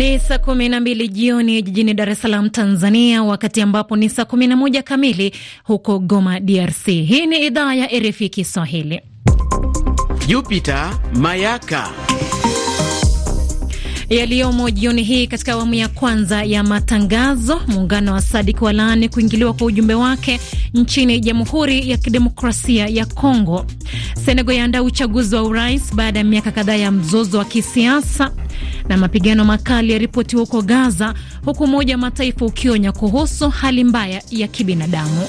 Ni saa kumi na mbili jioni jijini Dar es Salaam, Tanzania, wakati ambapo ni saa kumi na moja kamili huko Goma, DRC. Hii ni idhaa ya RFI Kiswahili. Jupiter Mayaka yaliyomo jioni hii katika awamu ya kwanza ya matangazo. Muungano wa Sadik walaani kuingiliwa kwa ujumbe wake nchini Jamhuri ya Kidemokrasia ya Kongo. senego yaandaa uchaguzi wa urais baada ya miaka kadhaa ya mzozo wa kisiasa na mapigano makali yaripotiwa huko Gaza, huku Umoja wa Mataifa ukionya kuhusu hali mbaya ya kibinadamu.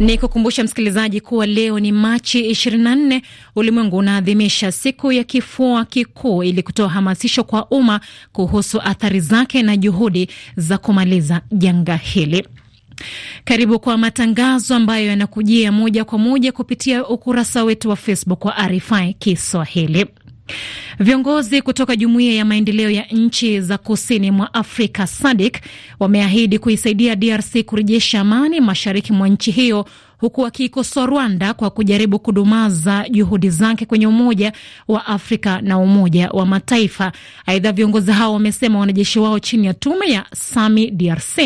Ni kukumbusha msikilizaji kuwa leo ni Machi 24. Ulimwengu unaadhimisha siku ya kifua kikuu ili kutoa hamasisho kwa umma kuhusu athari zake na juhudi za kumaliza janga hili. Karibu kwa matangazo ambayo yanakujia moja kwa moja kupitia ukurasa wetu wa Facebook wa RFI Kiswahili. Viongozi kutoka Jumuiya ya Maendeleo ya Nchi za Kusini mwa Afrika SADC wameahidi kuisaidia DRC kurejesha amani mashariki mwa nchi hiyo huku akiikosoa Rwanda kwa kujaribu kudumaza juhudi zake kwenye Umoja wa Afrika na Umoja wa Mataifa. Aidha, viongozi hao wamesema wanajeshi wao chini ya tume ya SAMI DRC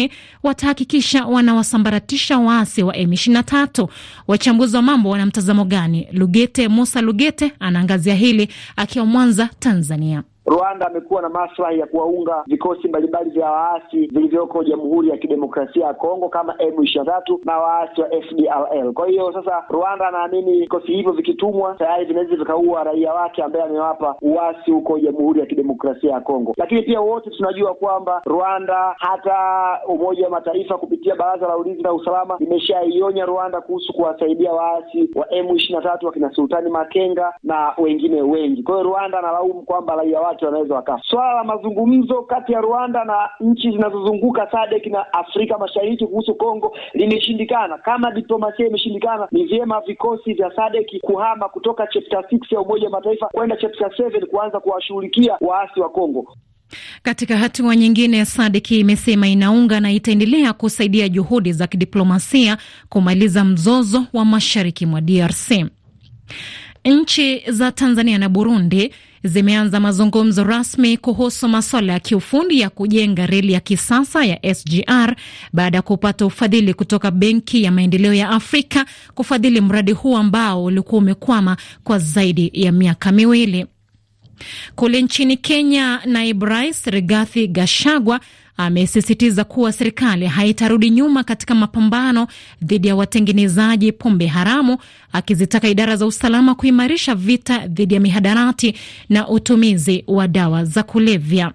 watahakikisha wanawasambaratisha waasi wa M23. Wachambuzi wa mambo wana mtazamo gani? Lugete Musa Lugete anaangazia hili akiwa Mwanza, Tanzania. Rwanda amekuwa na maslahi ya kuwaunga vikosi mbalimbali vya waasi vilivyoko Jamhuri ya Kidemokrasia ya Kongo kama M23 na waasi wa FDLR. Kwa hiyo sasa, Rwanda anaamini vikosi hivyo vikitumwa tayari vinaweza vikaua raia wake ambaye amewapa uasi huko Jamhuri ya Kidemokrasia ya Kongo. Lakini pia wote tunajua kwamba Rwanda, hata Umoja wa Mataifa kupitia Baraza la Ulinzi na Usalama imeshaionya Rwanda kuhusu kuwasaidia waasi wa M23 wakina Sultani Makenga na wengine wengi. Kwa hiyo Rwanda analaumu kwamba raia watu wanaweza wakaa. Swala la mazungumzo kati ya Rwanda na nchi zinazozunguka SADC na Afrika Mashariki kuhusu Kongo limeshindikana. Kama diplomasia imeshindikana, ni vyema vikosi vya SADC kuhama kutoka chapter 6 ya Umoja wa Mataifa kwenda chapter 7 kuanza kuwashughulikia waasi wa Kongo. Katika hatua nyingine, SADC imesema inaunga na itaendelea kusaidia juhudi za kidiplomasia kumaliza mzozo wa mashariki mwa DRC. Nchi za Tanzania na Burundi zimeanza mazungumzo rasmi kuhusu masuala ya kiufundi ya kujenga reli ya kisasa ya SGR baada ya kupata ufadhili kutoka Benki ya Maendeleo ya Afrika kufadhili mradi huu ambao ulikuwa umekwama kwa zaidi ya miaka miwili. Kule nchini Kenya, naibu rais Rigathi Gashagwa amesisitiza kuwa serikali haitarudi nyuma katika mapambano dhidi ya watengenezaji pombe haramu, akizitaka idara za usalama kuimarisha vita dhidi ya mihadarati na utumizi wa dawa za kulevya.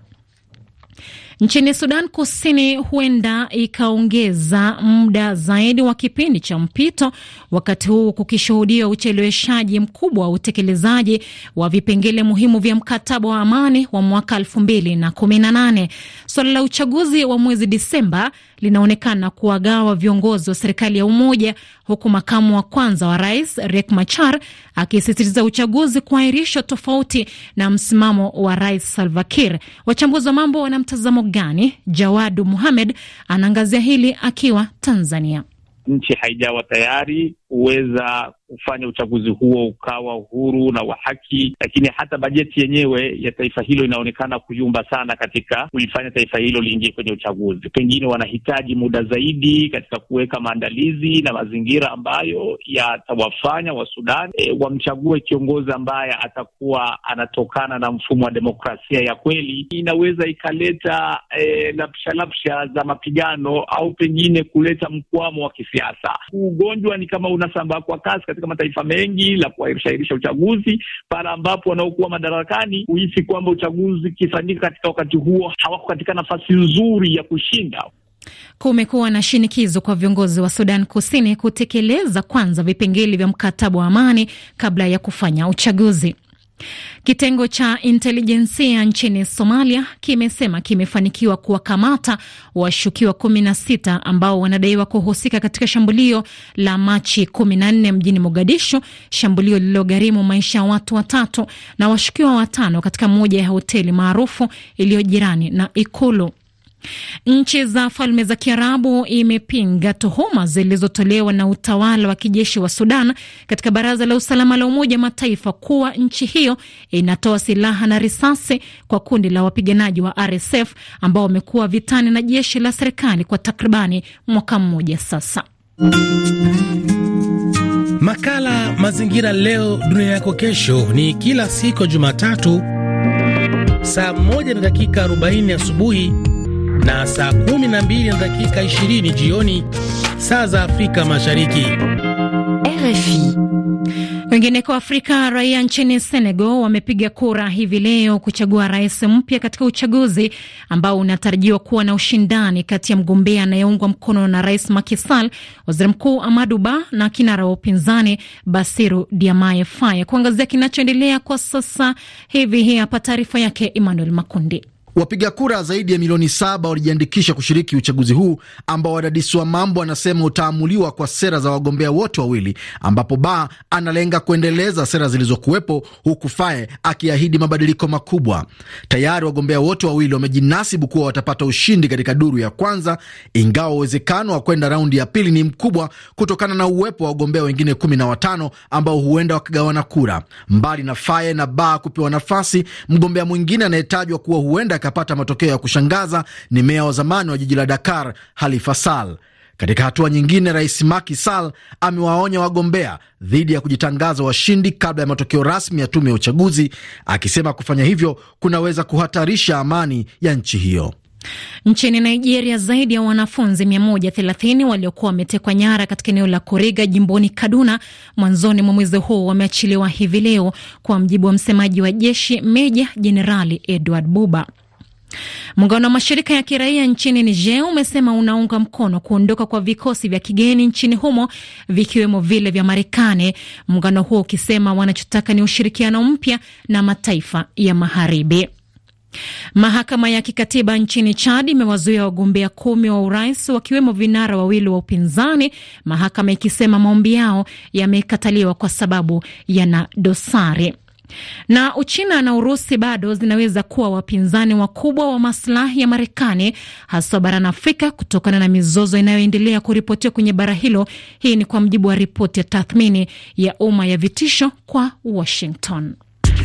Nchini Sudan Kusini huenda ikaongeza muda zaidi wa kipindi cha mpito, wakati huu kukishuhudia ucheleweshaji mkubwa wa utekelezaji wa vipengele muhimu vya mkataba wa amani wa mwaka 2018. Suala la uchaguzi wa mwezi Disemba linaonekana kuwagawa viongozi wa serikali ya umoja, huku makamu wa kwanza wa rais Riek Machar akisisitiza uchaguzi kuahirishwa, tofauti na msimamo wa rais Salva Kiir. Wachambuzi wa mambo wanamtazamo gani? Jawadu Muhamed anaangazia hili akiwa Tanzania. Nchi haijawa tayari kuweza kufanya uchaguzi huo ukawa uhuru na wa haki, lakini hata bajeti yenyewe ya taifa hilo inaonekana kuyumba sana katika kulifanya taifa hilo liingie kwenye uchaguzi. Pengine wanahitaji muda zaidi katika kuweka maandalizi na mazingira ambayo yatawafanya Wasudani e, eh, wamchague kiongozi ambaye atakuwa anatokana na mfumo wa demokrasia ya kweli. Inaweza ikaleta e, lapsha lapsha za mapigano au pengine kuleta mkwamo wa kisiasa. Ugonjwa ni kama unasambaa kwa kasi katika mataifa mengi la kuahirisha uchaguzi pale ambapo wanaokuwa madarakani huhisi kwamba uchaguzi ukifanyika katika wakati huo hawako katika nafasi nzuri ya kushinda. Kumekuwa na shinikizo kwa viongozi wa Sudan Kusini kutekeleza kwanza vipengele vya mkataba wa amani kabla ya kufanya uchaguzi. Kitengo cha intelijensia nchini Somalia kimesema kimefanikiwa kuwakamata washukiwa kumi na sita ambao wanadaiwa kuhusika katika shambulio la Machi kumi na nne mjini Mogadishu, shambulio lililogharimu maisha ya watu watatu na washukiwa watano katika moja ya hoteli maarufu iliyo jirani na ikulu. Nchi za Falme za Kiarabu imepinga tuhuma zilizotolewa na utawala wa kijeshi wa Sudan katika Baraza la Usalama la Umoja wa Mataifa kuwa nchi hiyo inatoa silaha na risasi kwa kundi la wapiganaji wa RSF ambao wamekuwa vitani na jeshi la serikali kwa takribani mwaka mmoja sasa. Makala Mazingira Leo Dunia Yako Kesho ni kila siku ya Jumatatu saa 1 na dakika 40 asubuhi na saa 12 na dakika 20 jioni saa za Afrika Mashariki. RFI. Wengineko Afrika, raia nchini Senegal wamepiga kura hivi leo kuchagua rais mpya katika uchaguzi ambao unatarajiwa kuwa na ushindani kati ya mgombea anayeungwa mkono na Rais Macky Sall, waziri mkuu Amadou Ba na kinara wa upinzani basiru Diomaye Faye. Kuangazia kinachoendelea kwa sasa hivi, hii hapa taarifa yake Emmanuel Makundi. Wapiga kura zaidi ya milioni saba walijiandikisha kushiriki uchaguzi huu ambao wadadisi wa mambo wanasema utaamuliwa kwa sera za wagombea wote wawili, ambapo Ba analenga kuendeleza sera zilizokuwepo huku fae akiahidi mabadiliko makubwa. Tayari wagombea wote wawili wamejinasibu kuwa watapata ushindi katika duru ya kwanza, ingawa uwezekano wa kwenda raundi ya pili ni mkubwa kutokana na uwepo wa wagombea wengine kumi na watano ambao huenda wakagawana kura. Mbali na fae na Ba kupewa nafasi, mgombea mwingine anayetajwa kuwa huenda akapata matokeo ya kushangaza ni meya wa zamani wa jiji la Dakar Halifa Sal. Katika hatua nyingine, rais Macky Sall amewaonya wagombea dhidi ya kujitangaza washindi kabla ya matokeo rasmi ya tume ya uchaguzi, akisema kufanya hivyo kunaweza kuhatarisha amani ya nchi hiyo. Nchini Nigeria, zaidi ya wanafunzi 130 waliokuwa wametekwa nyara katika eneo la Kuriga jimboni Kaduna mwanzoni mwa mwezi huu wameachiliwa hivi leo, kwa mjibu wa msemaji wa jeshi Meja Jenerali Edward Buba. Muungano wa mashirika ya kiraia nchini Niger umesema unaunga mkono kuondoka kwa vikosi vya kigeni nchini humo vikiwemo vile vya Marekani, muungano huo ukisema wanachotaka ni ushirikiano mpya na mataifa ya Magharibi. Mahakama ya kikatiba nchini Chad imewazuia wagombea kumi wa urais wakiwemo vinara wawili wa upinzani, mahakama ikisema maombi yao yamekataliwa kwa sababu yana dosari. Na Uchina na Urusi bado zinaweza kuwa wapinzani wakubwa wa maslahi ya Marekani, haswa barani Afrika, kutokana na mizozo inayoendelea kuripotiwa kwenye bara hilo. Hii ni kwa mujibu wa ripoti ya tathmini ya umma ya vitisho kwa Washington.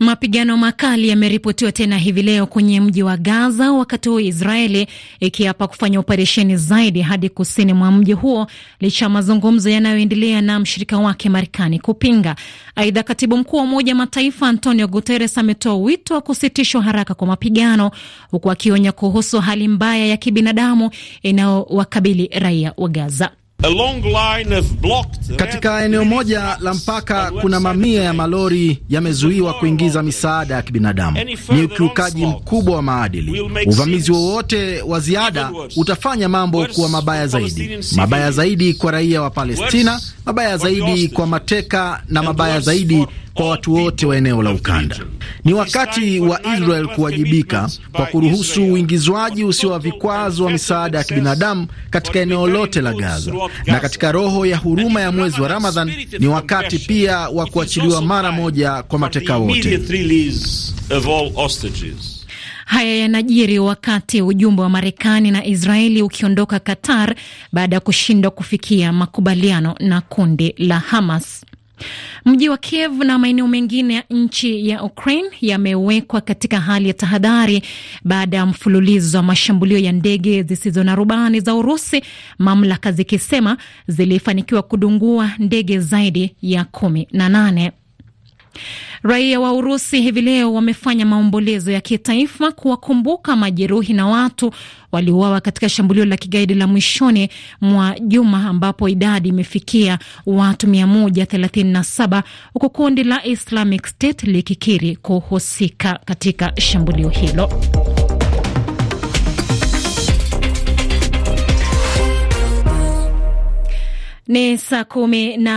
Mapigano makali yameripotiwa tena hivi leo kwenye mji wa Gaza, wakati huu Israeli ikiapa kufanya operesheni zaidi hadi kusini mwa mji huo, licha ya mazungumzo yanayoendelea na mshirika wake Marekani kupinga. Aidha, katibu mkuu wa Umoja Mataifa Antonio Guterres ametoa wito wa kusitishwa haraka kwa mapigano, huku akionya kuhusu hali mbaya ya kibinadamu inayowakabili raia wa Gaza. Katika eneo moja la mpaka kuna mamia ya malori yamezuiwa kuingiza misaada ya kibinadamu. Ni ukiukaji mkubwa wa maadili. Uvamizi wowote wa ziada utafanya mambo kuwa mabaya zaidi, mabaya zaidi kwa raia wa Palestina, mabaya zaidi kwa mateka na mabaya zaidi kwa watu wote wa eneo la ukanda. Ni wakati wa Israel kuwajibika kwa kuruhusu uingizwaji usio wa vikwazo wa misaada ya kibinadamu katika eneo lote la Gaza. Na katika roho ya huruma ya mwezi wa Ramadhan, ni wakati pia wa kuachiliwa mara moja kwa mateka wote. Haya yanajiri wakati ujumbe wa Marekani na Israeli ukiondoka Qatar baada ya kushindwa kufikia makubaliano na kundi la Hamas. Mji wa Kiev na maeneo mengine ya nchi ya Ukraine yamewekwa katika hali ya tahadhari baada ya mfululizo wa mashambulio ya ndege zisizo na rubani za Urusi, mamlaka zikisema zilifanikiwa kudungua ndege zaidi ya kumi na nane. Raia wa Urusi hivi leo wamefanya maombolezo ya kitaifa kuwakumbuka majeruhi na watu waliouawa katika shambulio la kigaidi la mwishoni mwa juma ambapo idadi imefikia watu 137 huku kundi la Islamic State likikiri kuhusika katika shambulio hilo. Ni saa kumi na